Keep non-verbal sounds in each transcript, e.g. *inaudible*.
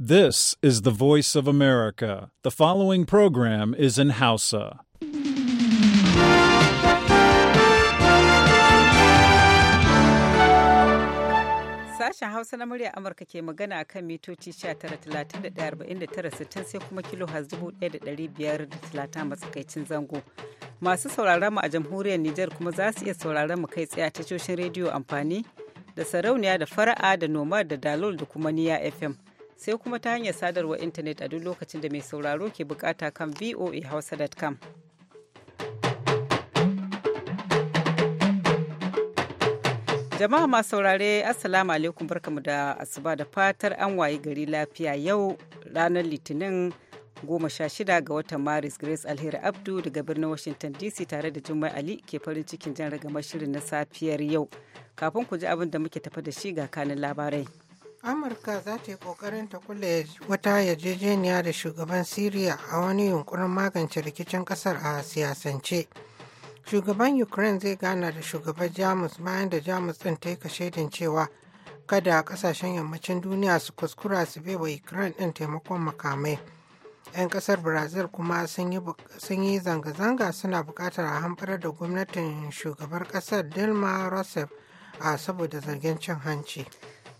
This is the voice of America. The following program is in Hausa. Sashen Hausa na murya Amurka ke magana a kan mitoci 19,39,49,60 sai kuma kilo 1,530 matsakaicin zango. Masu sauraron mu a jamhuriyar Nijar kuma za su iya sauraron mu kai tsaye a tashoshin rediyo amfani da sarauniya da fara'a da noma da dalol da kuma niya FM. sai kuma ta hanyar sadarwa intanet a duk lokacin da mai sauraro ke bukata kan voahausa.com. jama'a ma saurare assalamu alaikum barkamu da asuba da fatar an waye gari lafiya yau ranar litinin 16 ga watan maris grace alheri abdu daga birnin washington dc tare da jummai ali ke farin cikin jan ragamar shirin na safiyar yau kafin ku ji abin da muke tafa da shi ga kanin labarai amurka za ta yi kokarin ta kula wata yarjejeniya da shugaban syria a wani yunkurin magance rikicin kasar a siyasance shugaban ukraine zai gana da shugaban jamus bayan da jamus din ta yi kashe cewa kada kasashen yammacin duniya su kuskura su bai wa ukraine din taimakon makamai 'yan kasar brazil kuma sun yi zanga-zanga suna bukatar a hamfara da gwamnatin shugabar kasar dilma rousseff a saboda zargin cin hanci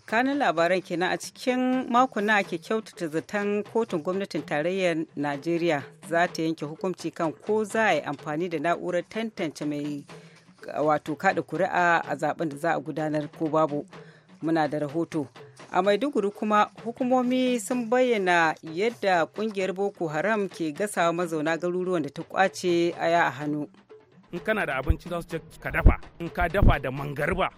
kanin labaran kenan a cikin mako na ake kyautata zaton kotun gwamnatin tarayyar najeriya za ta yanke hukunci kan ko za a yi amfani da na'urar tantance mai wato kada kuri'a a zaben da za a gudanar ko babu muna da rahoto a maiduguri kuma hukumomi sun bayyana yadda kungiyar boko haram ke gasawa mazauna garuruwan da ta kwace aya a hannu in kana da abinci za su ce ka dafa in ka dafa da mangarba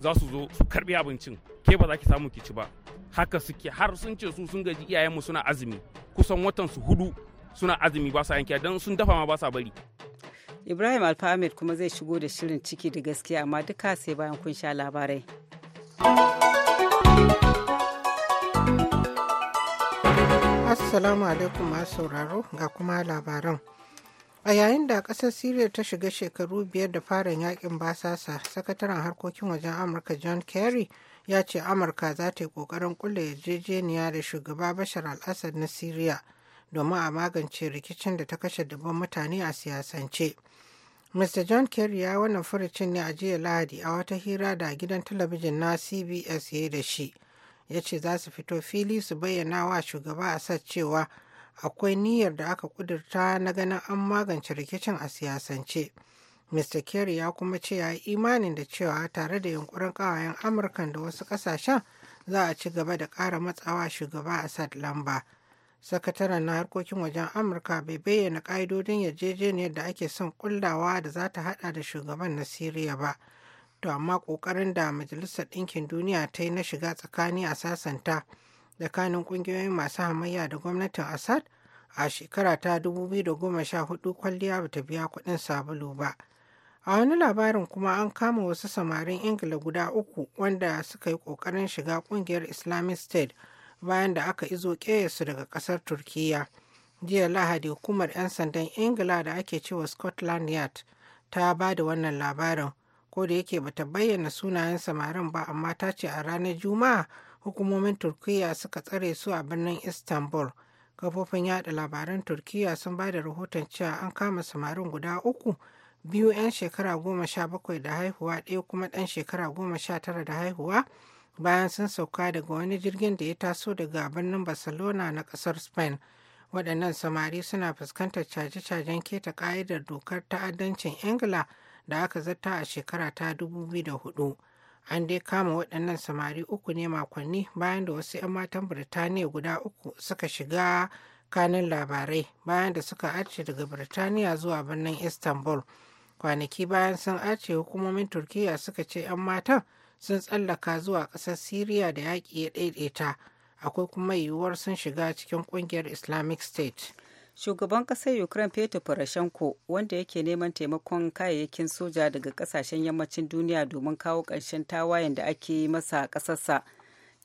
za su zo su karbi abincin ke ba za ki samu ki ci ba haka suke har sun ce su sun gaji iyayenmu suna azumi kusan watan su hudu suna azumi ba sa yanke don sun dafa ma ba sa bari ibrahim alfahmed kuma zai shigo da shirin ciki da gaskiya amma duka sai bayan kun sha labarai assalamu alaikum masu sauraro ga kuma labaran a yayin da kasar syria ta shiga shekaru biyar da fara yakin basasa sakataren harkokin wajen amurka john kerry ya ce amurka za ta yi kokarin kulle yarjejeniya da shugaba bashar al-assad na syria domin a magance rikicin da ta kashe dubban mutane a siyasance mr john kerry ya wannan furucin ne a jiya lahadi a wata hira da gidan talabijin na cbs ya yi da shi ya ce za su fito fili su bayyana wa shugaba assad cewa akwai niyyar da aka kudurta na ganin an magance rikicin a siyasance. Mr. Kerry ya kuma ce ya yi imanin da cewa tare da yunkurin kawayen Amurkan da wasu kasashen za a ci gaba da ƙara matsawa shugaba Assad lamba. Sakataren na harkokin wajen Amurka bai bayyana ƙa'idodin yarjejeniyar da ake son kullawa da za ta haɗa da shugaban na Siriya ba. To amma ƙoƙarin da Majalisar Ɗinkin Duniya ta yi na shiga tsakani a sasanta tsakanin kungiyoyin masu hamayya da gwamnatin assad a shekara ta 2014 kwalliya ba ta biya kuɗin sabulu ba a wani labarin kuma an kama wasu samarin ingila guda uku wanda suka yi ƙoƙarin shiga ƙungiyar islamic state bayan da aka izo su daga ƙasar Turkiyya. jiya lahadi hukumar 'yan sandan ingila da ake cewa scotland yard ta ba da wannan labarin ko da yake bata bayyana sunayen samarin ba amma ta ce a ranar juma'a hukumomin turkiya suka tsare su a birnin istanbul kafofin yada labaran turkiya sun ba da rahoton cewa an kama samarin guda uku biyu 'yan shekara goma sha bakwai da haihuwa ɗaya kuma ɗan shekara goma sha tara da haihuwa bayan sun sauka daga wani jirgin da ya taso daga birnin barcelona na ƙasar spain waɗannan samari suna fuskantar caje-cajen keta ƙa'idar dokar ta'addancin ingila da aka zarta a shekara ta 2004 an dai kama waɗannan samari uku ne makonni bayan da wasu 'yan matan birtaniya guda uku suka shiga kanin labarai bayan da suka arce daga birtaniya zuwa birnin istanbul kwanaki bayan sun arce hukumomin turkiya suka ce 'yan matan sun tsallaka zuwa ƙasar syria da yaƙi ya ɗaiɗaita akwai kuma yiwuwar sun shiga cikin ƙungiyar islamic state shugaban ƙasar ukraine petro poroshenko wanda yake neman taimakon kayayyakin soja daga kasashen yammacin duniya domin kawo ƙarshen tawayen da ake yi masa ƙasarsa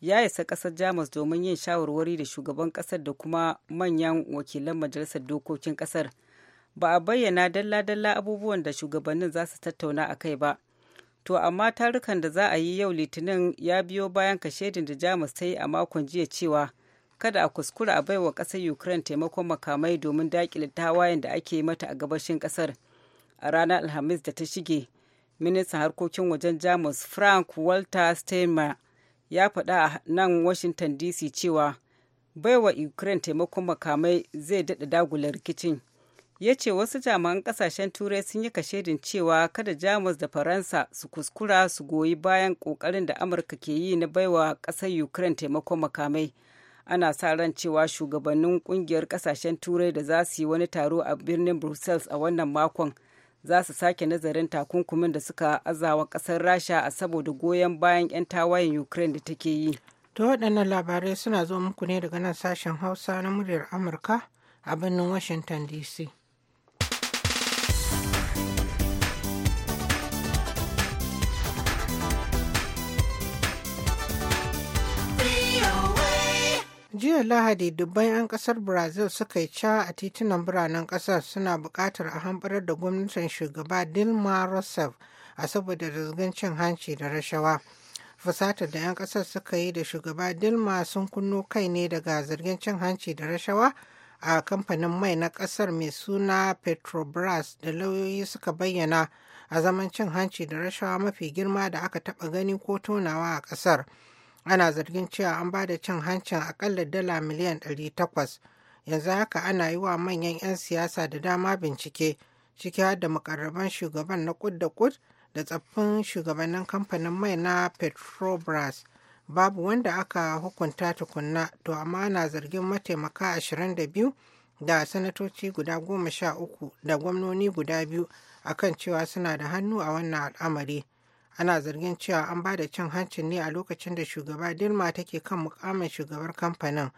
ya isa ƙasar jamus domin yin shawarwari da shugaban ƙasar da kuma manyan wakilan majalisar dokokin ƙasar ba a bayyana dalla-dalla abubuwan da shugabannin za su tattauna a kai ba to amma tarukan da za a yi yau litinin ya biyo bayan kashedin da jamus ta yi a makon jiya cewa kada a kuskura a baiwa ƙasar ukraine taimakon makamai domin dakile tawayen da ake mata a gabashin ƙasar a ranar alhamis da ta shige ministan harkokin wajen jamus frank walter steinmeier ya faɗa a nan washington dc cewa baiwa ukraine taimakon makamai zai daɗa dagula rikicin ya ce wasu jami'an kasashen turai sun yi kashedin cewa kada jamus da faransa su kuskura su goyi bayan ƙoƙarin da amurka ke yi na baiwa ƙasar ukraine taimakon makamai ana sa ran cewa shugabannin kungiyar kasashen turai da za su yi wani taro a birnin brussels a wannan makon za su sake nazarin takunkumin da suka azawa kasar rasha a saboda goyon bayan 'yan tawayen ukraine da take yi to waɗannan labarai suna zo muku ne daga nan sashen hausa na muryar amurka a birnin washington dc jiya lahadi dubban 'yan kasar brazil suka yi ca a titunan biranen kasar suna buƙatar a hamɓarar da gwamnatin shugaba dilma rousseff a saboda zargin cin hanci da rashawa fusatar da 'yan kasar suka yi da shugaba dilma sun kunno kai ne daga zargin cin hanci da rashawa a kamfanin mai na kasar mai suna petrobras da lauyoyi suka bayyana a zaman cin hanci da rashawa mafi girma da aka taɓa gani ko tonawa a kasar. ana zargin cewa an ba da cin hancin akalla dala miliyan 800 yanzu haka ana yi wa manyan 'yan siyasa da dama bincike ciki har da makarraban shugaban na kud da kud da tsaffin shugabannin kamfanin mai na petrobras babu wanda aka hukunta tukunna to amma ana zargin mataimaka 22 da sanatoci guda goma sha uku da gwamnoni guda biyu akan cewa suna da hannu a wannan al'amari ana zargin cewa an ba da cin hancin ne a lokacin da shugaba dilma take kan mukamin shugabar kamfanin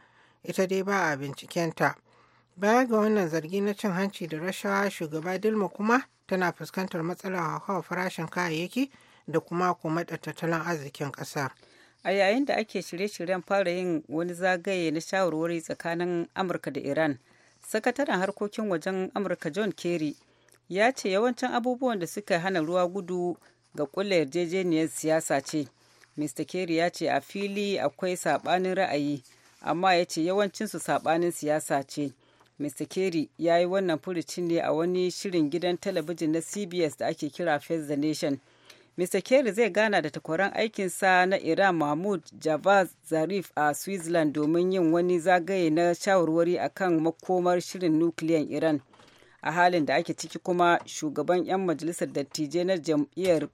ita dai ba a bincikenta baya ga wannan zargi na cin hanci da rashawa shugaba dilma kuma tana fuskantar matsalar hauhawar farashin kayayyaki da kuma da tattalin arzikin ƙasa. a yayin da ake shirye-shiryen fara yin wani zagaye na shawarwari tsakanin amurka da iran sakataren harkokin wajen amurka john kerry ya ce yawancin abubuwan da suka hana ruwa gudu ga kula yarjejeniyar siyasa ce mr kerry ya ce a fili akwai saɓanin ra'ayi amma ya ce yawancinsu saɓanin siyasa ce mr kerry ya yi wannan furucin ne a wani shirin gidan talabijin na cbs da ake kira face the nation mr kerry zai gana da takwaran aikinsa na iran mahmud javad zarif a switzerland domin yin wani zagaye na shawarwari akan makomar shirin nukiliyan iran a halin da ake ciki kuma shugaban 'yan majalisar dattijai na jam'iyyar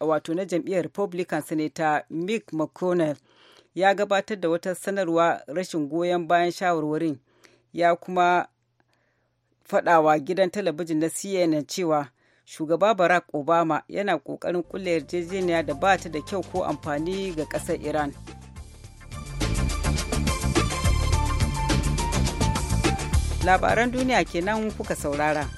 wato na jam'iyyar republican senator mick mcconnell ya gabatar da wata sanarwa rashin goyon bayan shawarwarin ya kuma faɗawa gidan talabijin na cnn cewa shugaba barack obama yana ƙoƙarin kulle yarjejeniya da ba ta da kyau ko amfani ga ƙasar iran labaran duniya kenan kuka saurara.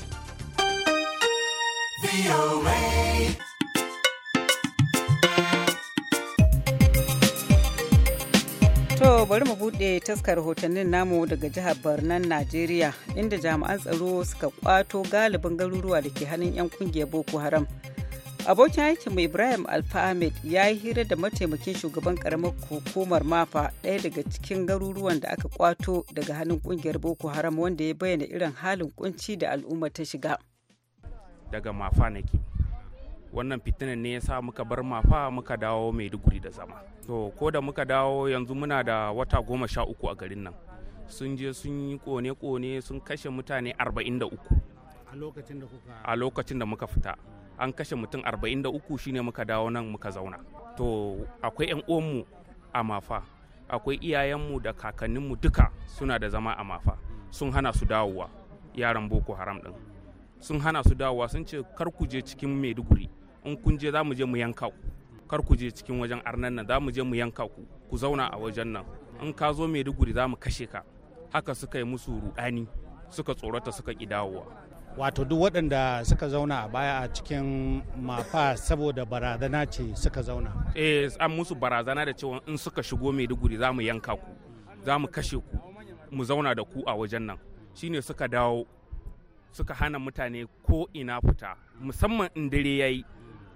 To bari mu buɗe taskar hotannin namu daga jihar Barnan, Najeriya, inda jami'an tsaro suka kwato galibin garuruwa da ke hannun 'yan kungiyar Boko Haram. abokin aikinmu ibrahim alfahamid ya yi hira da mataimakin shugaban karamar hukumar mafa ɗaya daga cikin garuruwan da aka kwato daga hannun kungiyar boko haram wanda ya bayyana irin halin kunci da al'umma ta shiga daga mafa nake wannan fitinan ne ya sa muka bar mafa muka dawo maiduguri da zama to ko da muka dawo yanzu muna da wata goma sha uku a garin nan sun je sun yi kone-kone sun kashe mutane arba'in da uku a lokacin da muka fita an kashe mutum 43 shine muka dawo nan muka zauna to akwai 'yan uwanmu a mafa akwai iyayenmu da kakanninmu duka suna da zama a mafa sun hana su dawowa yaran boko haram din sun hana su dawowa sun ce kar ku je cikin maiduguri in kun je za mu je mu yanka ku kar ku je cikin wajen arnan nan za mu je mu yanka ku ku zauna a wajen nan in ka zo maiduguri za mu kashe ka haka suka yi musu rudani suka tsorata suka ki dawowa wato duk waɗanda suka zauna a baya a cikin mafa saboda barazana ce suka zauna eh an musu barazana da cewa in suka shigo maiduguri za mu yanka ku za mu kashe ku mu zauna da ku a wajen nan shine suka dawo suka hana mutane ko ina fita musamman in dare yayi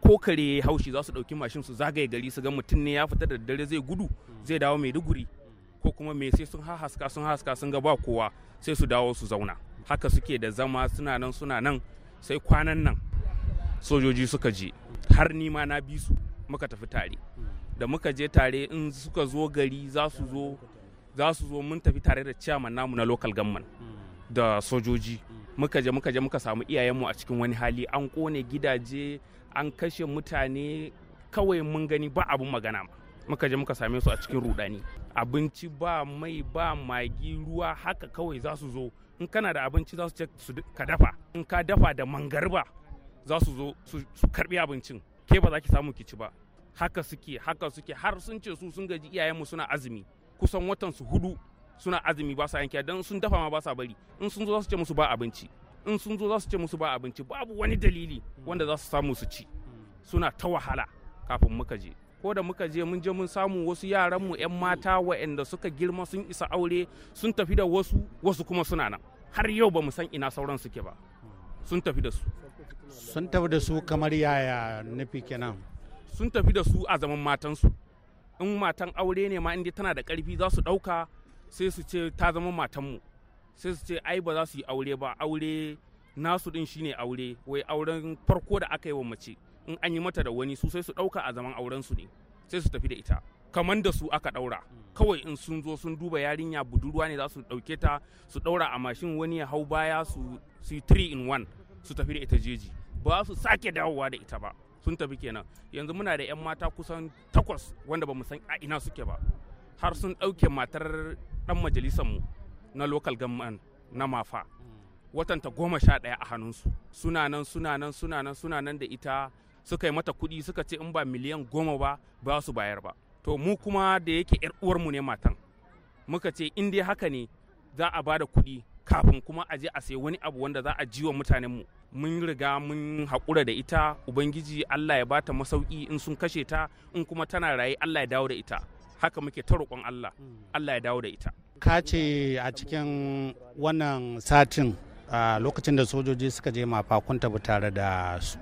ko kare ya haushi za su ɗauki mashin su zagaye gari su ga mutum ne ya fita da dare zai gudu zai dawo maiduguri ko kuma me sai sun haska sun haska sun ga ba kowa sai su dawo su zauna haka suke da zama suna nan suna nan sai kwanan nan sojoji suka je har nima na bi su muka tafi tare da muka je tare in suka zo gari za su zo za su zo mun tafi tare da ciyaman namu na local government da sojoji muka je muka je muka samu iyayenmu a cikin wani hali an kone gidaje an kashe mutane kawai mun gani ba abun magana muka je muka same su a cikin rudani abinci ba mai ba magi ruwa haka kawai za su zo in kana da abinci za su ce ka dafa in ka dafa da mangarba za su zo su karbi abincin ke ba za ki samu ki ci ba haka suke haka suke har sun ce su sun gaji iyayenmu suna azumi kusan watan su hudu suna azumi ba sa yanke don sun dafa ma ba sa bari in sun zo za su ce musu ba abinci in sun zo za su ce musu ba abinci babu wani dalili wanda za su samu su ci suna ta wahala kafin muka je ko da muka je mun je mun samu wasu yaran mu yan mata waɗanda suka girma sun isa aure sun tafi da wasu wasu kuma suna nan har yau ba mu san ina sauran suke ba sun tafi da su sun tafi da su kamar yaya nufi kenan sun tafi da su a zaman matansu in matan aure ne ma inda tana da karfi za su ɗauka sai su ce ta zama matan mu sai su ce ai ba za su yi aure ba aure nasu din shine aure wai auren farko da aka yi wa mace in an yi mata da wani su sai su ɗauka a zaman auren su ne sai su tafi da ita kamar da su aka ɗaura kawai in sun zo sun duba yarinya budurwa ne za su ɗauke ta su ɗaura a mashin wani ya hau baya su su three in one su tafi da ita jeji ba su sake dawowa da ita ba sun tafi kenan yanzu muna da 'yan mata kusan takwas wanda ba mu san a ina suke ba har sun ɗauke matar ɗan mu na local government na mafa watanta goma sha ɗaya a hannunsu suna nan suna nan suna nan suna nan da ita suka yi mata kuɗi suka ce in ba miliyan goma ba ba su bayar ba to mu kuma da yake yar uwarmu ne matan muka ce in dai haka ne za a bada kuɗi kafin kuma a je a sayi wani abu wanda za a ji wa mutanenmu mun riga mun haƙura da ita ubangiji allah ya bata masauki in sun kashe ta in kuma tana raye allah ya dawo da ita haka muke ta roƙon allah allah ya dawo da ita ka ce a cikin wannan satin a lokacin da sojoji suka je mafa kun tafi tare da su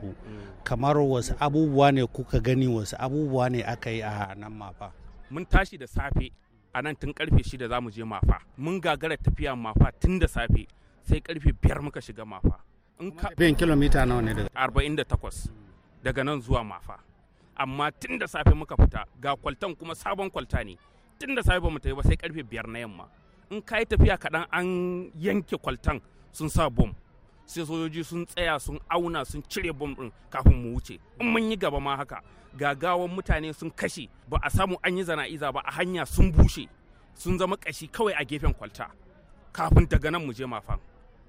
kamar wasu abubuwa ne kuka gani wasu abubuwa ne aka yi a nan mafa mun tashi da safe a nan tun karfe shida za mu je mafa mun gagara tafiya mafa tun da safe sai karfe biyar muka shiga mafa in ka bin kilomita nawa ne daga 48 daga nan zuwa mafa amma tun da safe muka fita ga kwaltan kuma sabon kwalta ne tun da safe ba mu tafi ba sai karfe biyar na yamma in ka yi tafiya kaɗan an yanke kwaltan sun sa bom sai sojoji sun tsaya sun auna sun cire bom din kafin mu wuce in mun yi gaba ma haka gagawan mutane sun kashe ba a samu an yi zana'iza ba a hanya sun bushe sun zama kashi kawai a gefen kwalta kafin daga nan mu je mafan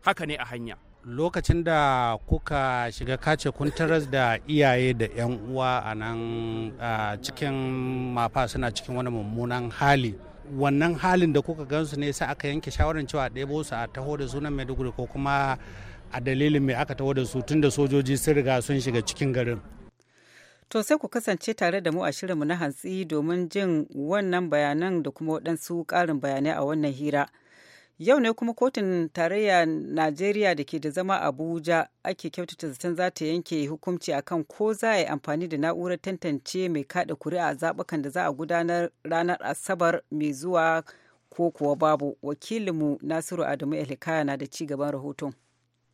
haka ne a hanya lokacin da kuka shiga kace kun taras da iyaye da 'yan uwa a nan cikin mafa suna cikin wani mummunan hali wannan halin da kuka gansu ne sa aka yanke shawarar cewa ɗebo su a taho da sunan maiduguri ko kuma a dalilin mai aka taho da su tun da sojoji sun riga sun shiga cikin garin to sai ku kasance tare da mu a shirinmu na hantsi domin jin wannan bayanan da kuma waɗansu ƙarin bayanai a wannan hira. yau ne kuma kotun tarayya najeriya da ke da zama abuja ake kyautata zaton za ta yanke hukunci akan ko za a yi amfani da na'urar tantance mai kada kuri'a a da za a gudanar ranar asabar mai zuwa ko kuwa babu wakilinmu nasiru adamu elikaya na da ci gaban rahoton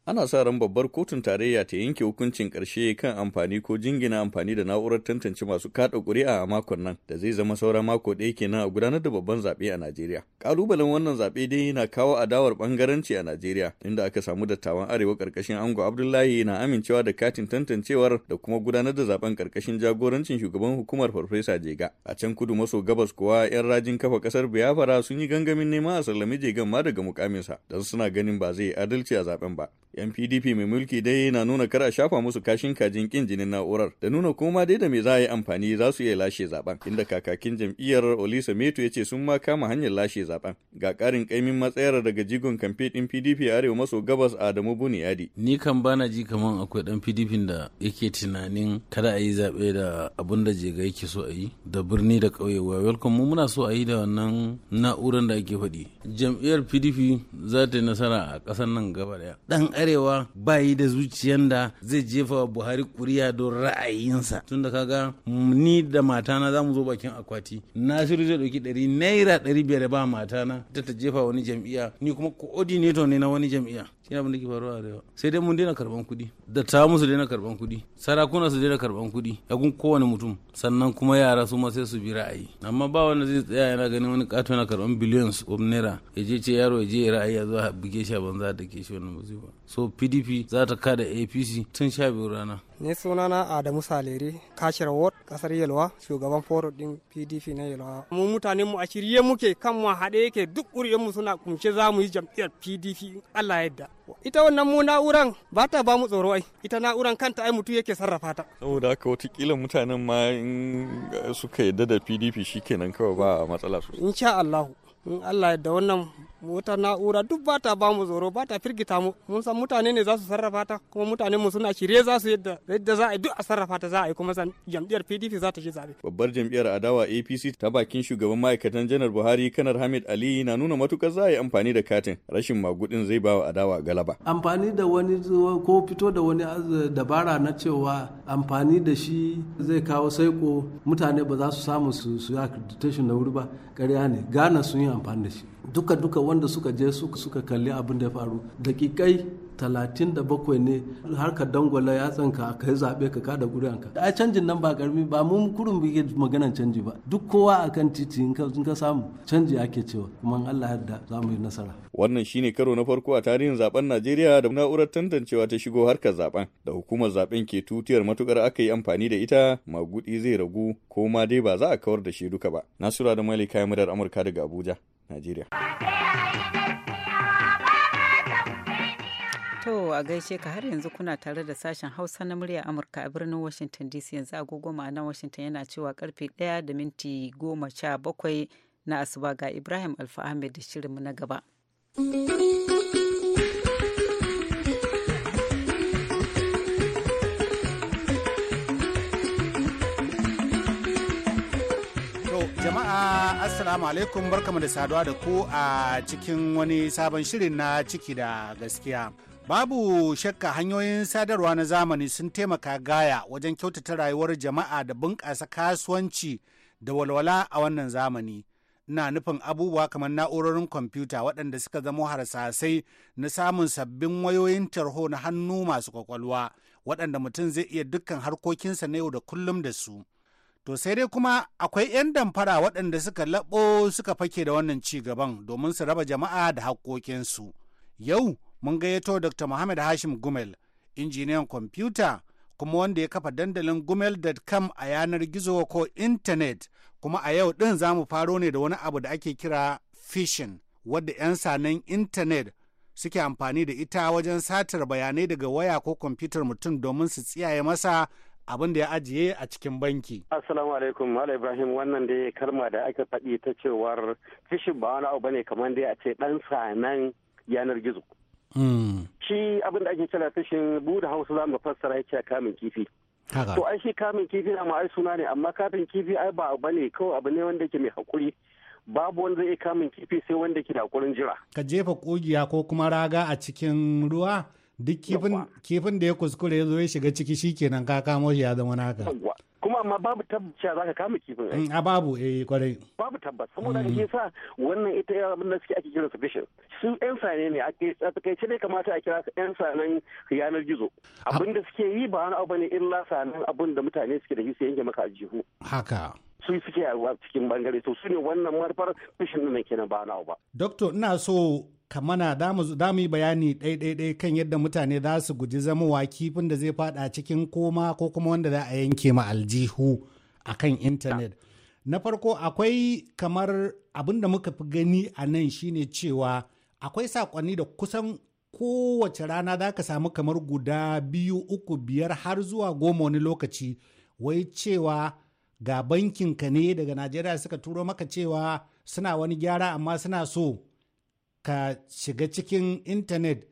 ana sa ran babbar kotun tarayya ta yanke hukuncin ƙarshe kan amfani ko jingina amfani da na'urar tantance masu kaɗa ƙuri'a a makon nan da zai zama saura mako ɗaya kenan a gudanar da babban zaɓe a Najeriya. Ƙalubalen wannan zaɓe dai yana kawo adawar ɓangaranci a Najeriya inda aka samu dattawan arewa ƙarƙashin ango Abdullahi na amincewa da katin tantancewar da kuma gudanar da zaɓen ƙarƙashin jagorancin shugaban hukumar Farfesa Jega. A can kudu maso gabas kuwa 'yan rajin kafa ƙasar Biyafara sun yi gangamin neman a sallami Jegan ma daga mukaminsa don suna ganin ba zai adalci a zaɓen ba. yan pdp mai mulki dai na nuna kar a shafa musu kashin kajin kin jinin na'urar da nuna kuma dai da me za a yi amfani za su iya lashe zaben inda kakakin jam'iyyar olisa meto ya ce sun ma kama hanyar lashe zaben ga karin kaimin matsayar daga jigon kamfe din pdp arewa maso gabas adamu buniyadi ni kan bana ji kaman akwai dan pdp da yake tunanin kada a yi zaɓe da abun da jega yake so a yi da birni da ƙauye wa welcome mu muna so a yi da wannan na'urar da ake faɗi jam'iyyar pdp za ta yi nasara a ƙasar nan gaba daya arewa yi da zuciyan da zai jefa wa buhari kuriya don ra'ayinsa tunda kaga ni da matana za mu zo bakin akwati nasiru zai ɗauki ɗari naira ɗari biyar da ba matana ta ta jefa wani jam'iyya ni kuma coordinator ne na wani jam'iyya shi abin ke faruwa arewa sai dai mun daina karban kuɗi da ta musu daina karban kuɗi sarakuna su daina karban kuɗi ya gun kowane mutum sannan kuma yara su ma sai su bi ra'ayi amma ba wanda zai tsaya yana ganin wani kato yana karban billions of naira ya je ce yaro ya je ra'ayi ya zo a buge shi a banza da ke shi wannan musiba so pdp za ta kada apc tun sha biyu rana ne sunana adamu salere kashir ward kasar yalwa shugaban foro din pdp na yalwa mu mutanen mu a shirye muke kan mu haɗe yake duk mu suna kunshe za mu yi jam'iyyar pdp allah yadda ita wannan mu na'uran ba ta ba mu tsoro ai ita na'uran kanta ai mutu yake sarrafa ta saboda haka wata mutanen ma in suka yadda da pdp shikenan kawai ba matsala sosai insha allah in allah yadda wannan wata na'ura duk ba ta bamu tsoro ba ta firgita mu mun san mutane ne za su sarrafa ta kuma mutane mu suna shirye za su yadda za a duk a sarrafa ta za a yi kuma jam'iyyar PDP za ta shi zabe babbar jam'iyyar adawa APC ta bakin shugaban ma'aikatan janar Buhari kanar Hamid Ali na nuna matukar za a yi amfani da katin rashin magudin zai ba wa adawa galaba amfani da wani ko fito da wani dabara na cewa amfani da shi zai kawo saiko mutane ba za su samu su accreditation na wuri ba karya ne gana sun yi amfani da shi duka-duka wanda suka je suka kalli abin da ya faru dakikai bakwai ne har ka dangwala ya tsanka ka yi zaɓe ka kada guriyanka a canjin nan ba karmi ba mun kurun bige maganan canji ba duk kowa a kan titi in ka samu canji ake cewa kuma Allah yarda za mu yi nasara wannan shine karo na farko a tarihin zaben Najeriya da na'urar tantancewa ta shigo harkar zaben da hukumar zaben ke tutiyar matukar aka yi amfani da ita magudi zai ragu ko ma dai ba za a kawar da shi duka ba nasura da malika ya murar Amurka daga Abuja Najeriya. To a gaishe ka har yanzu kuna tare da sashen Hausa na murya Amurka a birnin Washington DC yanzu agogo ma'anar Washington yana cewa karfe 1 da minti goma sha bakwai na asuba ga Ibrahim Alfa Ahmed da shirinmu na gaba. Assalamu alaikum barkamu da saduwa da ku a cikin wani sabon shirin na ciki da gaskiya. Babu shakka hanyoyin sadarwa na zamani sun taimaka gaya wajen kyautata rayuwar jama'a da bunƙasa kasuwanci da walwala a wannan zamani. Ina nufin abubuwa kamar na'urorin kwamfuta waɗanda suka zama harsasai na samun sabbin wayoyin tarho na hannu masu kwakwalwa waɗanda mutum zai iya dukkan harkokinsa na yau da kullum da su. To sai dai kuma akwai 'yan damfara waɗanda suka labo suka fake da wannan ci gaban domin su raba jama'a da haƙoƙinsu. Yau mun gayyato Dr. Muhammad Hashim Gumel, injiniyan kwamfuta kuma wanda ya kafa dandalin gumel.com a yanar gizo ko intanet kuma a yau ɗin za mu faro ne da wani abu da ake kira phishing wadda 'yan sanan intanet suke amfani da ita wajen satar bayanai daga waya ko kwamfutar mutum domin su tsiyaye masa abin da ya ajiye a cikin banki. Assalamu alaikum Malam Ibrahim wannan da dai kalma da aka faɗi ta cewar fishin ba wani abu bane kamar dai a ce ɗan sanan yanar gizo. Hmm. Shi abin da ake kira fishin buɗe hausa za mu fassara yake kamun kifi. To ai shi kamun kifi na ai suna ne amma kafin kifi ai ba abu ne kawai abu ne wanda ke mai hakuri babu wanda zai kamun kifi sai wanda ke da haƙurin jira. Ka jefa ƙugiya ko kuma raga a cikin ruwa duk kifin da ya kuskure ya zo ya shiga ciki shikenan ka kamo shi ya zama naka kuma amma babu tabbaci za ka kama kifin mm, a babu eh kwarai babu tabbas kuma da ke sa wannan ita abin da suke ake kira sufficient su yan sane ne ake tsakaice ne kamata a kira su yan sanen yanar gizo abin da suke yi ba wani abu ne illa sanen abin da mutane suke da su yanke maka aljihu haka su suke a cikin bangare to su ne wannan marfar fishin nan kenan ba na ba. doctor ina so kamana za mu yi bayani ɗaiɗaiɗai kan yadda mutane za su guji zama kifin da zai fada cikin koma ko kuma wanda za a yanke ma aljihu a kan intanet na farko akwai kamar abin da muka fi gani a nan shine cewa akwai saƙonni da kusan kowace rana za ka samu kamar guda biyu uku biyar har zuwa goma wani lokaci wai cewa ga bankinka ne daga najeriya suka turo maka cewa suna wani gyara amma suna so ka shiga cikin intanet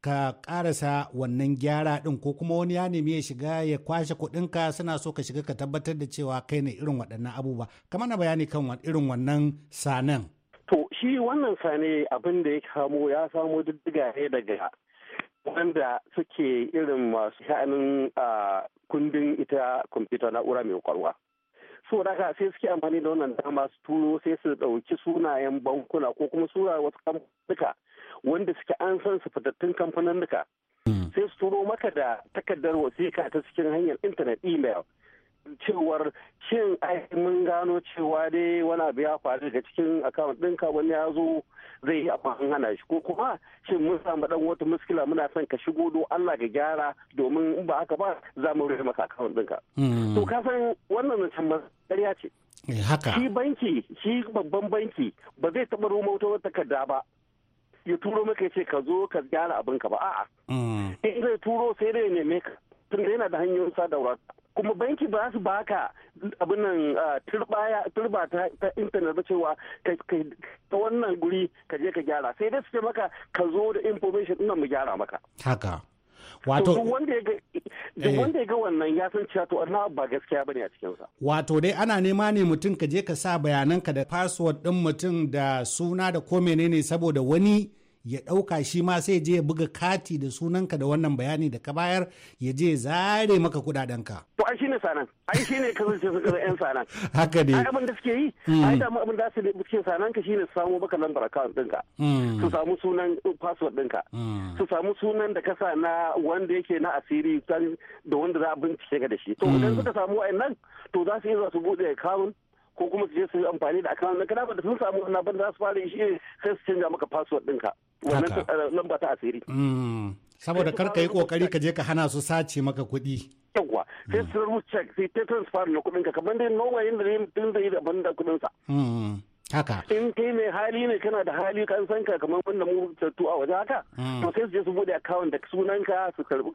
ka karasa wannan gyara din ko kuma wani ya nemi ya shiga ya kwashe kudinka suna so ka shiga ka tabbatar da cewa kai ne irin waɗannan abubuwa kamar na bayani kan irin wannan sanan to shi wannan sane abin da ya samo ya samo diddiga ne daga wanda suke irin masu sha'anin ah, kundin ita kwamfuta na'ura mai kwarwa so da sai suke amfani da wannan dama su turo sai su dauki sunayen bankuna ko kuma sura wasu kamfanuka wanda suke an san su fitattun kamfanin hmm. sai su turo maka da takardar wasiƙa ta cikin hanyar intanet email cewar shin ai mun gano cewa dai wani abu ya faru daga cikin account ɗinka wani ya zo zai yi amma an hana shi ko kuma shin mun samu dan wata muskila muna son ka shigo do Allah ga gyara domin in ba haka ba za mu rufe maka account ɗinka. Hmm. To ka san wannan can ƙarya ce. Eh, haka. Shi banki shi babban banki ba zai taɓa roma wata takarda ba. Ya turo maka ya ce ka zo ka gyara abinka ba a'a. Hmm. In zai turo sai dai neme ka tunda yana da hanyoyin sadarwa. kuma banki ba su baka abin nan turba ta intanet ba cewa ta wannan guri ka je ka gyara sai dai su ce maka ka zo da information ina mu gyara maka haka wato eh. wanda ya ga wannan ya san cewa to na ba gaskiya bane a cikinsa wato dai ana nema ne mutum ka je ka sa ka da password din mutum da suna da ko menene saboda wani ya ɗauka shi ma sai je ya buga kati da sunanka da wannan bayani da ka bayar ya je zare maka kuɗaɗenka. To ai shine sanan, ai shine kasance su kasa 'yan sanan. *laughs* Haka ne. Ai abin da suke yi, hmm. ai da abin da su suke sanan ka shine su samu maka lambar account ɗinka. Hmm. Su samu sunan password ɗinka. Hmm. Su samu sunan da ka sa na wanda yake na asiri da wanda za a bincike ka da shi. To idan suka samu wa'annan to za su iya su buɗe account ko kuma su je su yi amfani da account ɗinka da sun samu wannan ban za su fara yi shi sai su canja maka password ɗinka wannan eh, lamba ta asiri mm. saboda kar ka yi kokari ka je ka hana su sace maka kuɗi yawwa sai su mm. rubuta sai ta transfer na kuɗinka kamar dai normal yadda ne tun da yi da abin da sa haka in kai mai hali ne kana da hali kan san ka kamar wanda mu tattu a waje haka hmm. to sai su je su bude account da sunanka su karbi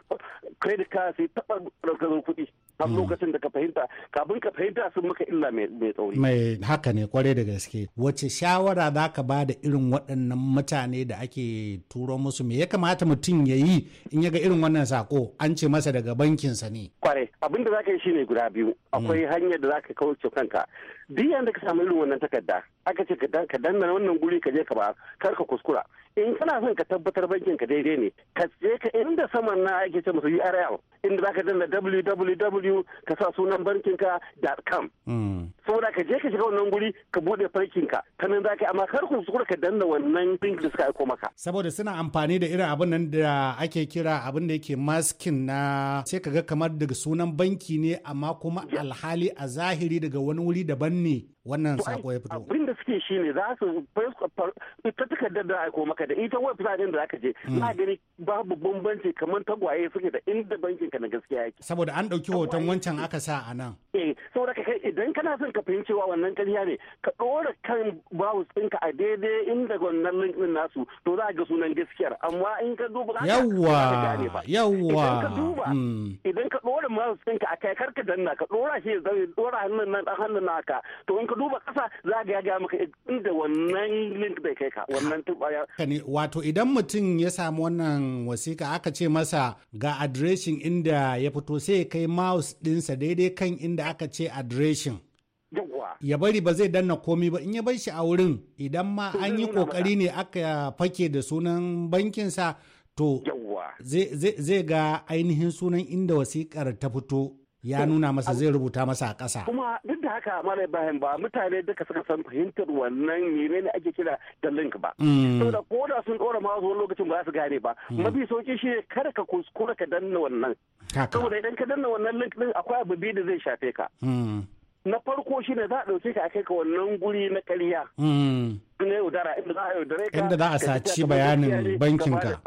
credit card sai taba rakazin kuɗi har hmm. lokacin da ka fahimta kafin ka fahimta sun maka illa mai tsauri mai haka ne kwarai da gaske wace shawara za ka ba da irin waɗannan mutane da ake turo musu me ya kamata mutum ya yi in ya ga irin wannan sako an ce masa daga bankinsa ne kwarai abinda zaka yi shine guda biyu hmm. akwai hanyar da zaka ka kauce kanka duk yadda ka samu irin wannan takarda aka ce ka danna wannan guri ka je ka ba kar ka kuskura in kana son ka tabbatar bankin ka daidai ne ka je ka inda saman na ake ce musu URL inda zaka danna www ka sa sunan bankin ka .com hmm. saboda ka je ka shiga wannan guri ka bude farkin ka ta nan zaka amma kar ka kuskura ka danna wannan link da suka aiko maka saboda suna amfani da irin abin nan da ake kira abin da yake maskin na sai kaga kamar daga sunan banki ne amma kuma alhali a zahiri daga wani wuri daban me wannan sako ya fito abin da suke shine za su ta takardar da aiko maka da ita website din da zaka je hmm. na gani babu bambanci kamar tagwaye suke da inda bankin ka na gaskiya yake saboda an dauki hoton wancan aka sa a nan eh saboda kai idan kana son ka fahimci cewa wannan ƙarya ne ka dora kan browse ɗinka a daidai inda wannan link din nasu to za ga sunan gaskiyar amma in ka duba yawwa yawwa idan ka duba hmm. idan ka dora mouse ɗinka a kai karka danna ka dora shi ya dora hannun nan hannun naka to in ka duba kasa za ga ya maka inda wannan link bai kai ka wannan turbaya wato idan mutum ya samu wannan wasiƙa aka ce masa ga adireshin inda ya fito sai ya kai mouse ɗinsa daidai kan inda aka ce adireshin ya bari ba zai danna komi ba in ya bar shi a wurin idan ma an yi kokari ne aka fake da sunan bankinsa to zai ga ainihin sunan inda wasikar ta fito ya nuna masa zai rubuta masa a ƙasa. Kuma duk da haka malai bayan ba mutane duka suka san fahimtar wannan mene ne ake kira da link ba. Mm. Saboda ko da sun ɗora ma zuwa lokacin ba su gane ba. Mm. Mafi sauki shi kada ka kuskura ka danna wannan. Saboda idan ka danna wannan link din akwai abu biyu da zai shafe ka. Mm. Na farko shi ne za a ɗauke ka a kai ka wannan guri na ƙarya. na yaudara inda za a ka inda za saci bayanin bankin ka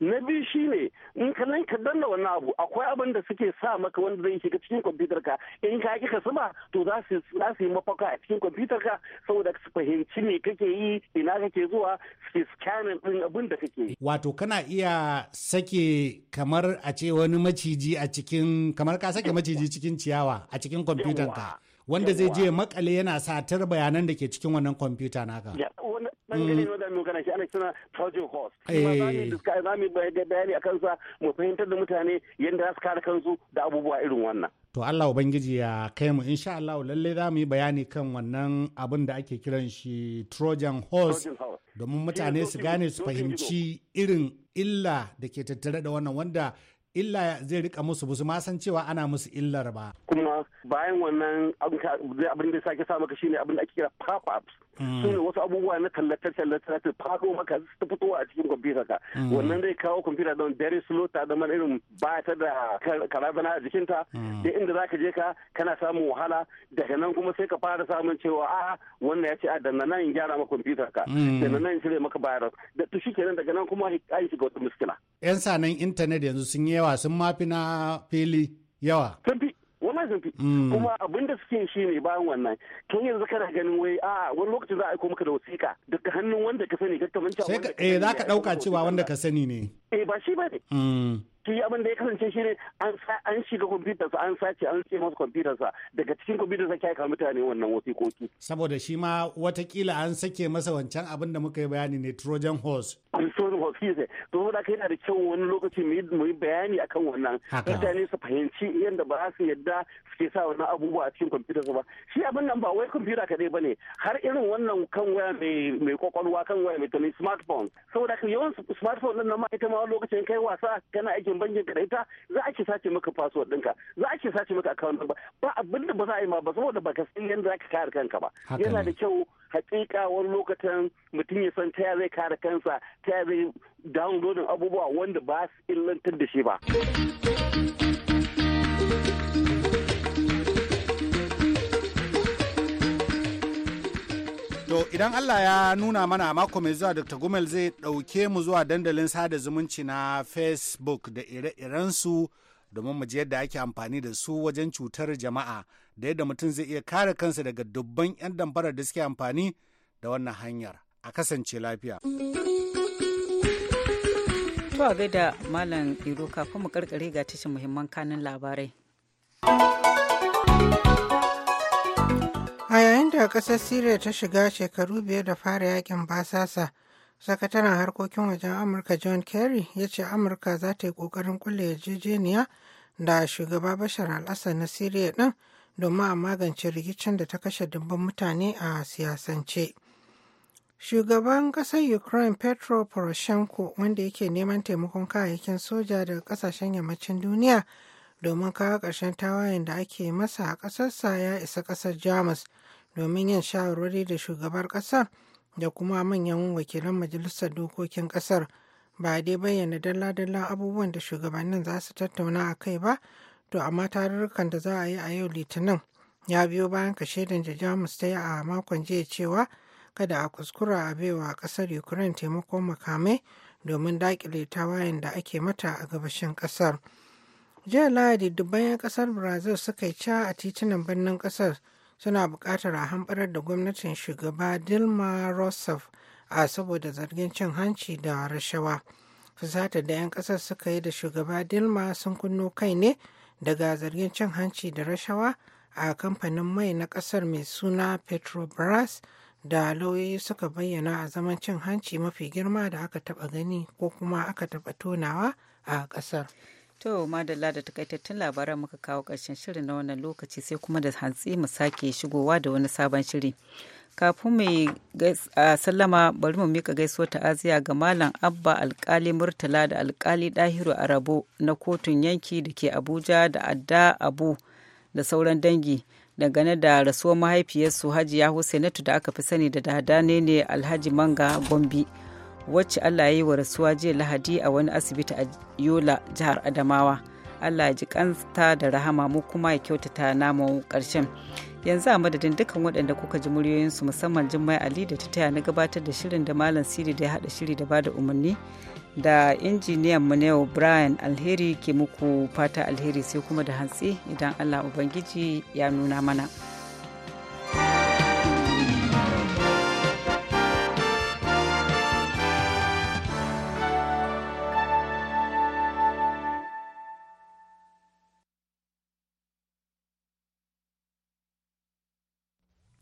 na biyu shine in ka nan ka danna wannan abu akwai abin da suke sa maka wanda zai shiga cikin kwamfutar ka in ka ki ka suma to za su yi mafaka a cikin kwamfutar ka saboda su fahimci me kake yi ina kake zuwa suke scanning din abin da kake yi wato kana iya sake kamar a ce wani maciji a cikin kamar ka sake maciji cikin ciyawa a cikin kwamfutar ka wanda zai je makale yana satar bayanan da ke cikin wannan kwamfuta naka bangare wanda mu na shi ana kira Trojan horse kuma za mu eh. diska bayani a kansa mu fahimtar da mutane yadda za su kare kansu da abubuwa irin wannan to Allah ubangiji ya kai mu insha Allah lalle za mu yi bayani kan wannan abin da ake kiran shi Trojan horse domin mutane su gane su fahimci irin illa da ke tattare da wannan wanda illa zai rika musu ba su ma san cewa ana musu illar ba. Kuma bayan wannan abin da sake samu ka shine abin da ake kira pop-ups su ne wasu abubuwa na tallace-tallace za ta faɗo maka ta fito a cikin kwamfuta ka mm. wannan zai kawo kwamfuta don dare slow ta zama irin ba ta da karazana a jikinta mm. da inda za ka je ka kana samun wahala daga nan kuma sai ka fara samun cewa a wannan ya ce a danna nan gyara ma kwamfuta ka mm. danna nan cire maka virus da to shikenan daga nan kuma a yi shiga wata muskila yan sanan intanet yanzu sun yi yawa sun mafi na fili yawa zafi mm. kuma abin da suke shi ne bayan wannan tun yanzu kana ganin wai a wani lokacin za a aiko maka da wasiƙa daga hannun wanda ka sani ka kamanta wanda ka eh, ka ɗauka cewa wanda ka sani ne eh ba shi ba ne mm. shi abin da ya kasance shi ne an shiga sa an sace an ce masa sa daga cikin kwamfutar sa kama mutane wannan wasiƙoƙi. saboda shi ma watakila an sake masa wancan abin da muka yi bayani ne trojan horse. trojan horse shi ne to saboda haka yana da kyau wani lokaci mu yi bayani akan wannan mutane su fahimci yadda ba su yadda suke sa wannan abubuwa a cikin kwamfutarsa ba shi abin nan ba wai kwamfuta kaɗai ba ne har irin wannan kan waya mai kwakwalwa kan waya mai tani smartphone saboda yawan smartphone ɗin nan ma ita ma lokacin kai wasa kana aiki asusun bankin ka ita za a ke sace maka password ɗinka za a ke sace maka account number ba abin da ba za a yi ma ba saboda baka san yadda za ka kare kanka ba yana da kyau hakika wani lokacin mutum ya san ta zai kare kansa ta zai downloading abubuwa wanda ba su illantar da shi ba. To idan Allah ya nuna mana mako mai zuwa Dr. Gumel zai ɗauke mu zuwa dandalin sada zumunci na Facebook da ire-irensu domin mu ji yadda ake amfani da su wajen cutar jama'a da yadda mutum zai iya kare kansa daga dubban 'yan damfarar da suke amfani da wannan hanyar. A kasance lafiya. gai da Malam Iro kafin mu karkare ga tashin muhimman kanin labarai. da ƙasar Siriya ta shiga shekaru biyar da fara yakin basasa, sakataren harkokin wajen Amurka John Kerry ya ce Amurka za ta yi ƙoƙarin kulle yarjejeniya da shugaba Bashar al-Assad na Siriya din domin a magance rikicin da ta kashe dubban mutane a siyasance. Shugaban kasar Ukraine Petro Poroshenko wanda yake neman taimakon kayayyakin soja daga kasashen yammacin duniya domin kawo ƙarshen tawayen da ake masa a ƙasarsa ya isa ƙasar Jamus. domin yin shawarwari da shugabar kasar da kuma manyan wakilan majalisar dokokin kasar ba a dai bayyana dalla dalla abubuwan da shugabannin za su tattauna a kai ba to amma tarurrukan da za a yi a yau litinin ya biyo bayan kashedin da jamus ta yi a makon jiya cewa kada a kuskura a baiwa kasar ukraine taimakon makamai domin dakile tawayen da ake mata a gabashin kasar jiya lahadi dubban 'yan kasar brazil suka yi ca a titunan birnin kasar suna buƙatar a hamɓarar da gwamnatin shugaba dilma rousseff a saboda zargin cin hanci da rashawa fusata da 'yan ƙasar suka yi da shugaba dilma sun kunno kai ne daga zargin cin hanci da rashawa a kamfanin mai na ƙasar mai suna petrobras da lauyoyi suka bayyana a zaman cin hanci mafi girma da aka taɓa gani ko kuma aka taɓa tonawa a ƙasar. To madalla da takaitattun labaran muka kawo ƙarshen shirin na wannan lokaci sai kuma da hantsi mu sake shigowa da wani sabon shiri. Kafin mai sallama bari mu mika gaisuwar ta'aziyya ga Malam Abba Alkali Murtala da Alkali Dahiru Arabo na kotun yanki da ke Abuja da Adda Abu da sauran dangi. dangane da rasuwar mahaifiyarsu hajiya Hussainatu da aka fi sani da dada ne ne alhaji manga gombi wacce Allah ya yi wa rasuwa jiya Lahadi a wani asibiti a Yola jihar Adamawa. Allah ya ji kansta da rahama mu kuma ya kyautata namu karshen. Yanzu a madadin dukkan waɗanda kuka ji muryoyinsu musamman Jummai Ali da ta taya na gabatar da shirin da Malam Siri da ya haɗa shiri da bada umarni da injiniyan mu yau Brian Alheri ke muku fata alheri sai kuma da hantsi idan Allah Ubangiji ya nuna mana.